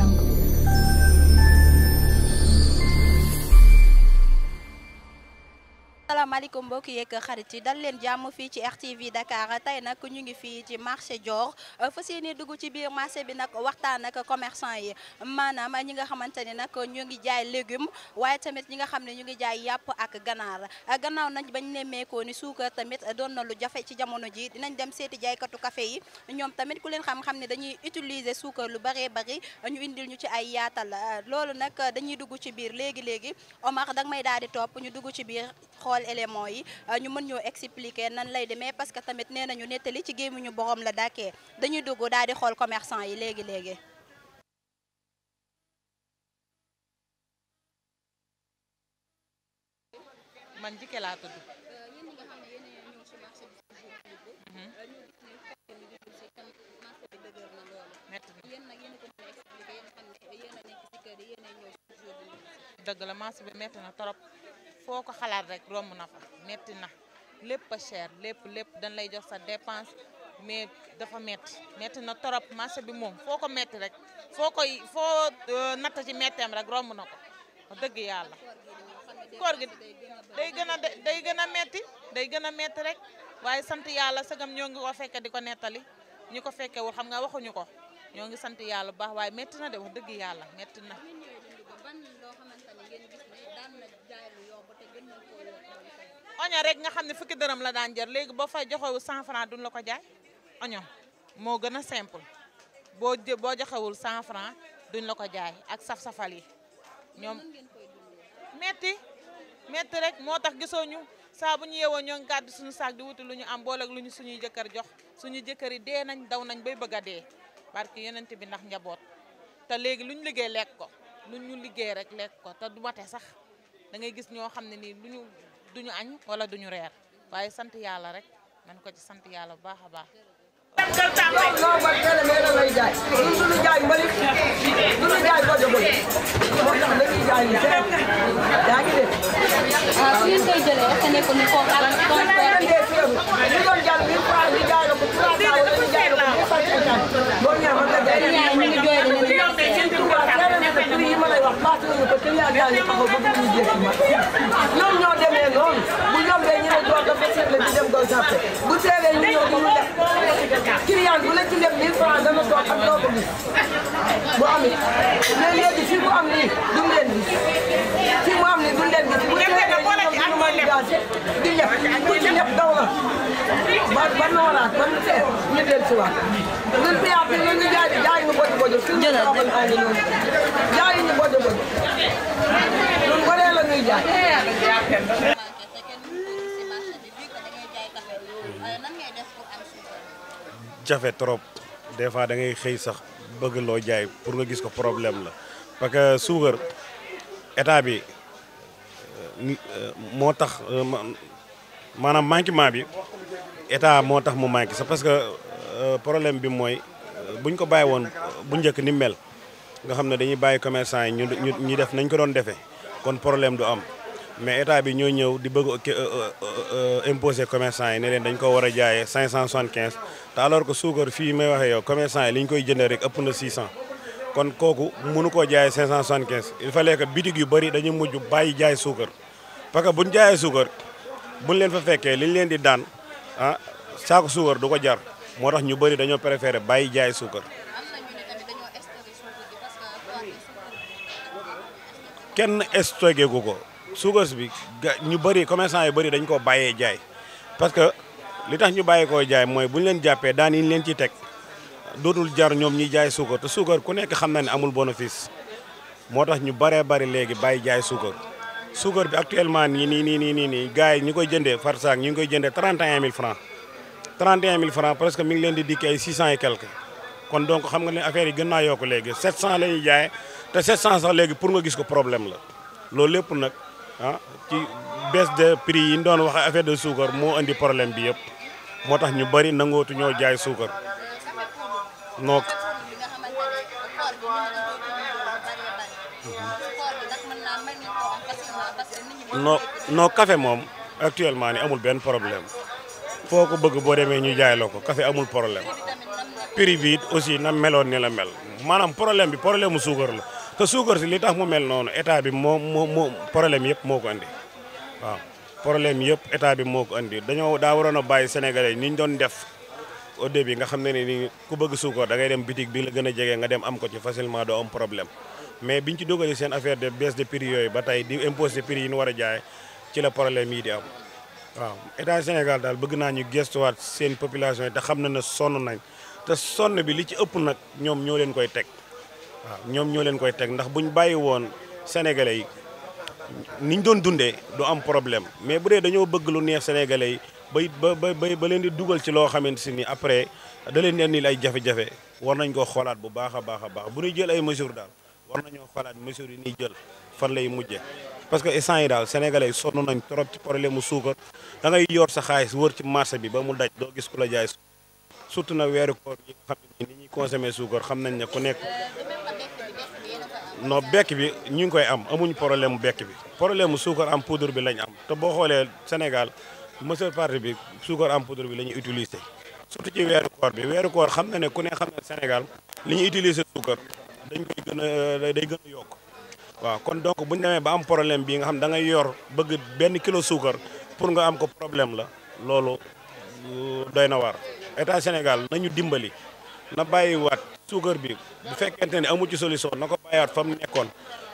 jungle. asalaamaaleykum mbokk yeeg xarit yi dal leen jàmm fii ci RTV Dakar tey nag ñu ngi fii ci marché Dior fas yéene dugg ci biir marché bi nag waxtaan ak commerçant yi maanaam ñi nga xamante ni nag ñu ngi jaay légume waaye tamit ñi nga xam ne ñu ngi jaay yàpp ak ganaar gannaaw nañ bañ nemmeekoo ni suukar tamit doon na lu jafe ci jamono ji dinañ dem seeti jaaykatu kafe yi ñoom tamit ku leen xam-xam ne dañuy utiliser suukar lu bëree bëri ñu indil ñu ci ay yaatal loolu nag dañuy dugg ci biir léegi léegi dugg ci biir xool éléments yi euh, ñu mën ñoo expliquer nan lay demee parce que tamit nee nañu nettali ci gémmiñu borom la dàkkee dañuy dugg daal di xool commerçant yi léegi léegi. dëgg la foo ko xalaat rek romb na fa metti na lépp a cher lépp lépp dañ lay jox sa dépense mais dafa metti metti na torop marché bi moom foo ko metti rek foo koy foo euh, natt ci metteem rek romb na ko wax dëgg yàlla koor gi day gën a day gën a metti day gën a metti rek waaye sant yàlla sagam ñoo ngi ko fekke di ko nettali ñi ko fekkewul xam nga waxuñu ko ñoo ngi sant yàlla bu baax waaye metti na de wax dëgg yàlla metti na oignon rek nga xam ne fukki dërëm la daan jar léegi boo fa joxewul 100 francs duñ la ko jaay oignon moo gën a simple boo boo joxewul 100 francs duñ la ko jaay ak saf-safal yi ñoom metti metti rek moo tax gisoo ñu saa bu ñu yeewoo ñoo ngi suñu saak di wuti lu ñu am boole lu ñu suñuy jëkkër jox suñu jëkkër yi dee nañ daw nañ bay bëgg a dee barke yonent bi ndax njaboot te léegi lu ñu liggéey lekk ko lu ñu liggéey rek lekk ko te du mate sax dangay gis ñoo xam ne nii lu ñu duñu añ wala duñu reer waaye sant yàlla rek man ko ci sant yàlla bu baax a baax. jàppale ñu dem goo jàppe bu teewee ñu ñëw ñu def client bu la ci def 1000 francs dama toog ak doo ko gis bu amee mais léegi fii mu am nii du leen gis fii mu am nii du leen gis bu teewee ñoom ñu mën gaas di ñëpp ku ci ñëpp daw la ba ba noolaat ba mu tee ñu del si waat ñun client bi ñun ñu jaay jaay ñu bojo bojo fi ñu amoon ay ñoom jaay ñu bojo bojo ñun goree la ñuy jaay Euh, nan jafe trop des fois da ngay xëy sax bëgg loo jaay pour nga gis ko problème la parce que suukar état bi euh, moo tax euh, maanaam manquement bi état moo tax mu manqué sax parce que problème bi mooy buñ ko bàyyi woon bu njëkk ni mel nga xam ne dañuy bàyyi commerçant yi ñu ñu def nañ ko doon defee kon problème du am. mais état bi ñoo ñëw di bëgg imposer commerçant yi ne leen dañ ko war a jaayee 575 te alors que suukar fii may waxee yow commerçant yi li ñu koy jëndee rek ëpp na 600 kon kooku mënu koo jaayee 575 il fallait que bitig yu bëri dañu muj bàyyi jaay suukar parce que bu ñu jaayee suukar buñ leen fa fekkee li ñu leen di daan ah saako suukar du ko jar moo tax ñu bëri dañoo préféré bàyyi jaay suukar. kenn stocké gu suukars bi ñu bëri commerçant yi bëri dañ koo bàyyee jaay parce que li tax ñu bàyyee koo jaay mooy bu ñu leen jàppee daan yi ñu leen ci teg dootul jar ñoom ñuy jaay suukar te suukar ku nekk xam na ne amul bénéfice moo tax ñu bëree bëri léegi bàyyi jaay suukar suukar bi actuellement nii nii nii nii nii nii gars yi ñu koy jëndee far saak ñu ngi koy jëndee mil 31000 francs 31000 francs presque mi ngi leen di dikk ay 600 et quelque kon donc xam nga ne affaire yi gën naa yokk la ñuy jaay te léegi pour nga gis ko problème la loolu lépp nag. Best ah. ci baisse de prix yi ñu doon wax affaire de suukar mo andi problème bi yëpp moo tax ñu bëri nangootu ñoo jaay suukar nook non mhm. non café actuellement ni amul ben problème foo ko bëgg boo demee ñu jaay café amul problème prix bi it aussi na meloon ni la mel maanaam problème bi problème mu la te suukar si li tax mu mel noonu état bi moo moo moo problème yëpp moo ko andi waaw problème yëpp état bi moo ko andi dañoo daa waroon a bàyyi sénégalais ni ñu doon def au début nga xam ne ni ku bëgg suukar da ngay dem boutique bi la gën a jegee nga dem am ko ci facilement doo am problème mais biñ ci dogalee seen affaire de baisse de prix yooyu ba tey di imposer prix yi ñu war a jaay ci la problème yi di am waaw état Sénégal daal bëgg naa ñu gestuwaat seen population yi te xam na ne sonn nañ te sonn bi li ci ëpp nag ñoom ñoo leen koy teg. waaw ñoom ñoo leen koy teg ndax buñ bàyyi woon sénégalais yi niñ doon dundee du am problème mais bu dee dañoo bëgg lu neex sénégalais yi bay ba ba ba leen di dugal ci loo xamante si ni après da leen nen ay jafe-jafe war nañ ko xoolaat bu baax a baax a baax bu ñuy jël ay mesures daal war nañoo xoolaat mesures yi ñuy jël fan lay mujjee parce que instant yi daal sénégalais yi sonn nañ trop ci problème mu suukar da ngay yor sa xaalis wër ci marché bi ba mu daj doo gis ku la jaay surtout nag weeru koor ni ñuy consommer suukar xam nañ ne ku nekk non bekk bi ñu ngi koy am amuñ problème mu bekk bi problème mu suukar am poudre bi lañ am te boo xoolee Sénégal monsieur parti bi suukar am poudre bi la ñuy utiliser surtout ci weeru bi weeru koor xam na ne ku ne xam na Sénégal li ñuy utiliser suukar dañ gën a day gën yokk waaw kon donc bu ñu demee ba am problème bii nga xam da ngay yor bëgg benn kilo suukar pour nga am ko problème la loolu euh, doy na waar état Sénégal nañu dimbali na bàyyiwaat suukar bi bu fekkente ne amu ci na ko fayaat fa mu nekkoon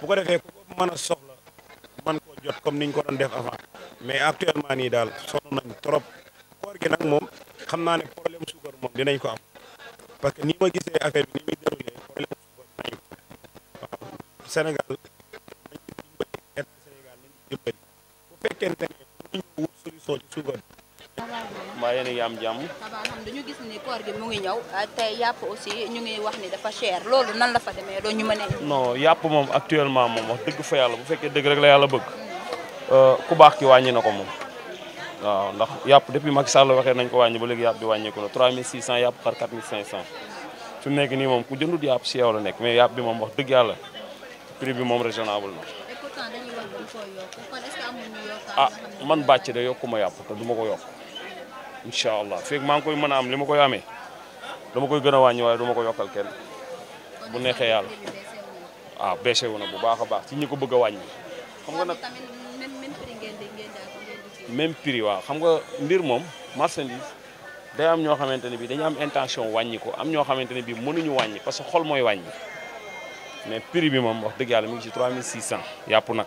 bu ko defee ku ko mën a soxla man koo jot comme niñ ko doon def avant mais actuellement nii daal sonn nañ trop koor gi nag moom xam naa ne problème suukar moom dinañ ko am parce que ni ma gisee affaire bi ni muy déroulé problème suukar dinañ ko Sénégal nañ dimbali état Sénégal nañ ci dimbali bu fekkente ne mënuñu wut ci suukar ngi am jàmm. maanaam dañu gis ni koor mu ngi ñëw tey yàpp aussi ñu ngi wax ni dafa cher loolu nan la fa demee doo ñu mën a. non yàpp moom actuellement moom wax dëgg fa yàlla bu fekkee dëgg rek la yàlla bëgg euh, ku baax ki wàññi na ko moom. waaw ndax yàpp depuis Macky Sall waxee nañ ko wàññi ba léegi yàpp bi wàññeeku na 3600 yàpp xar 4500 fi mu nekk nii moom ku jëndut yàpp si yow nekk mais yàpp bi moom wax dëgg yàlla prix bi moom raisonnable na. ah man bàcc de yokkuma yàpp te du ma ko yokk. incha allah feeg maa ngi koy mën a am li ma koy amee dama koy gën a wàññi waaye du ma ko yokkal kenn bu neexee yàlla waaw ah, baissé wu na bu baax a baax ci ñi ko bëgg a wàññi. xam nga nag même prix waaw xam nga mbir moom marchandise day am ñoo xamante ne bii dañu am intention wàññi ko am ñoo xamante ne bii mënuñu wàññi parce que xol mooy wàññi mais prix bi moom wax dëgg yàlla mu ngi ci 3600 yàpp nag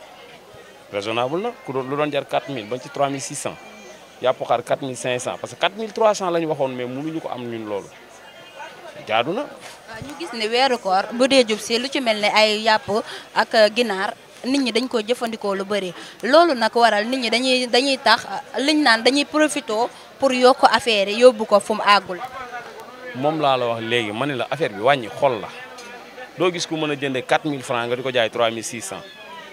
raisonnable na ku doon lu doon jar 4000 ba ci 3600. yàpp xar 4500 parce que 4300 la ñu waxoon mais mënuñu ko am ñun loolu jaadu na. ñu gis ne weeru koor bu dee jub si lu ci mel ni ay yàpp ak ginaar nit ñi dañ ko jëfandikoo lu bëri loolu nag waral nit ñi dañuy dañuy tax liñ naan dañuy profito pour yokk affaire yi yóbbu ko fu mu àggul. moom laa la wax léegi ma ne la affaire bi wàññi xool la doo gis ku mën a jëndee mille francs nga di ko jaay 3600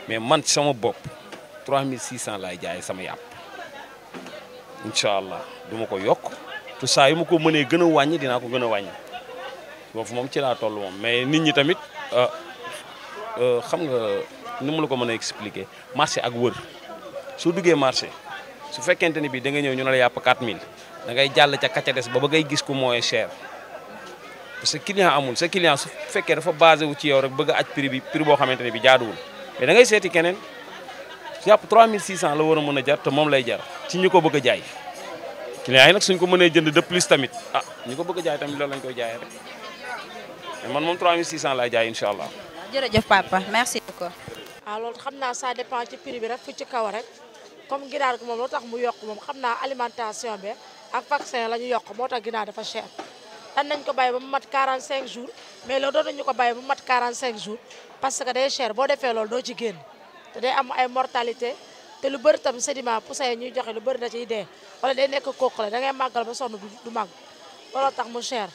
mais man sama bopp 3600 laay jaay sama yàpp. incha allah du ma ko yokk te saa yu ma ko mënee gën a wàññi dinaa ko gën a wàññi foofu moom ci laa toll moom mais nit ñi tamit euh, euh, xam nga ni mu la ko mën a expliquer marché ak wër soo duggee marché su fekkente ni bii da nga ñëw ñu ne la yàpp 4000 da ngay jàll ca kaca des ba ngay gis ku mooy cher parce que client amul sa client su fekkee dafa base wu ci yow rek bëgg a aj prix bi prix boo xamante ne bi jaaduwul mais da jàpp 3600 la war a mën a jar moom lay jar ci ñi ko bëgg a jaay client yi nag suñ ko mënee jënd plus tamit ah ñi ko bëgg a jaay tamit loolu lañ koy jaayee rek mais man moom 3600 laay jaay incha allah. jërëjëf papa merci beaucoup. ah loolu xam naa ça dépend ci prix bi rek fu ci kaw rek comme ginaar moom loo tax mu yokk moom xam naa alimentation bi ak vaccin la ñu yokk moo tax ginaar dafa cher. dan nañ ko bàyyi ba mu mat 45 jours mais loolu doon nañu ko bàyyi ba mu mat 45 jours parce que day cher boo defee loolu doo ci génn. te day am ay mortalité te lu bëri tam sédiment poussin yi ñuy joxe lu bëri da ciy dee wala day nekk kooku la da ngay màggal ba sonn du màgg looloo tax mu cher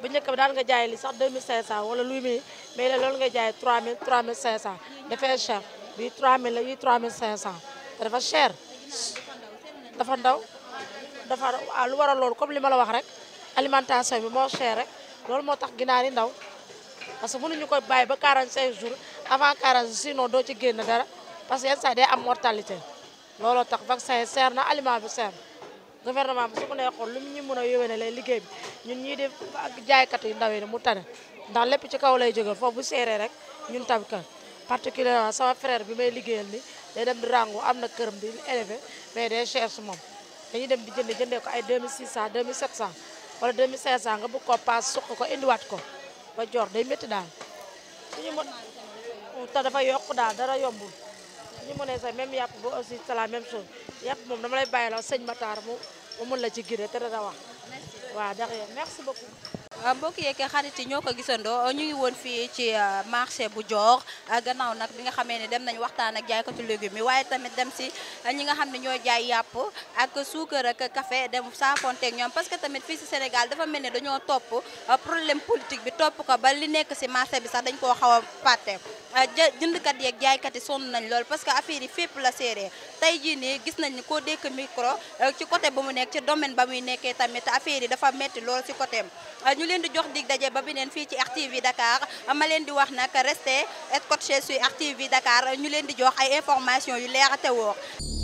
bu njëkk bi daan nga jaay li sax 2500 wala luy muy mais la loolu nga jaay 3000 3500 dafay cher bii 3000 la bii 3500 te dafa cher dafa ndaw dafa alu ah, wara lool comme li ma la wax rek alimentation bi moo cher rek loolu moo tax ginaari ndaw parce que mënuñu ko bàyyi ba 45 jours avant carence sinon doo ci génn dara parce que yenn saa am mortalité looloo tax vaccin yi seer na aliment bi seer na gouvernement bi su ko lu mu ñu mën a yówéne lay liggéey bi ñun ñii di ak jaaykat yu ndaw yi ne mu tane ndax lépp ci kaw lay jóge foofu bu seeree rek ñun tamit kan particulièrement sama frère bi may liggéeyal ni day dem di rangu am na këram di élevé mais day cher su moom dañuy dem di jënd jëndee ko ay 2600 2700 wala 2500 nga bëgg ko paas suq ko indiwaat ko ba joor day métti daal te dafa yokk daal dara yombul ñu mënee sax même aussi c'est la même chose yàpp moom dama lay bàyyi la sëñ Matar mu mu la ci gire te dara wax waaw dax merci beaucoup euh, mbokk yeeg xarit yi ñoo ko gisandoo euh, ñu ngi woon fii ci euh, marché bu a gannaaw nag bi nga xamee ne dem nañu waxtaan ak jaaykatu légumes yi waaye tamit dem si ñi nga xam ne ñoo jaay yàpp ak suukar ak kafe dem saafonteeg ñoom parce que tamit fii si Sénégal dafa mel ni dañoo topp problème politique bi topp ko ba li nekk si marché bi sax dañ koo xaw Ah, jëndkat yeeg jaaykat yi sonn nañ lool parce que affaire yi fépp la séeree tey jii ni gis nañ ni koo dékk micro ah, ci côté bu mu nekk ci domaine ba muy nekkee tamit affaire yi dafa metti lool ci côté am ah, ñu leen di jox di daje ba beneen fii ci RTV Dakar ma leen di wax nag restez scotché sur RTV Dakar ñu leen di jox ay information yu leer te wóor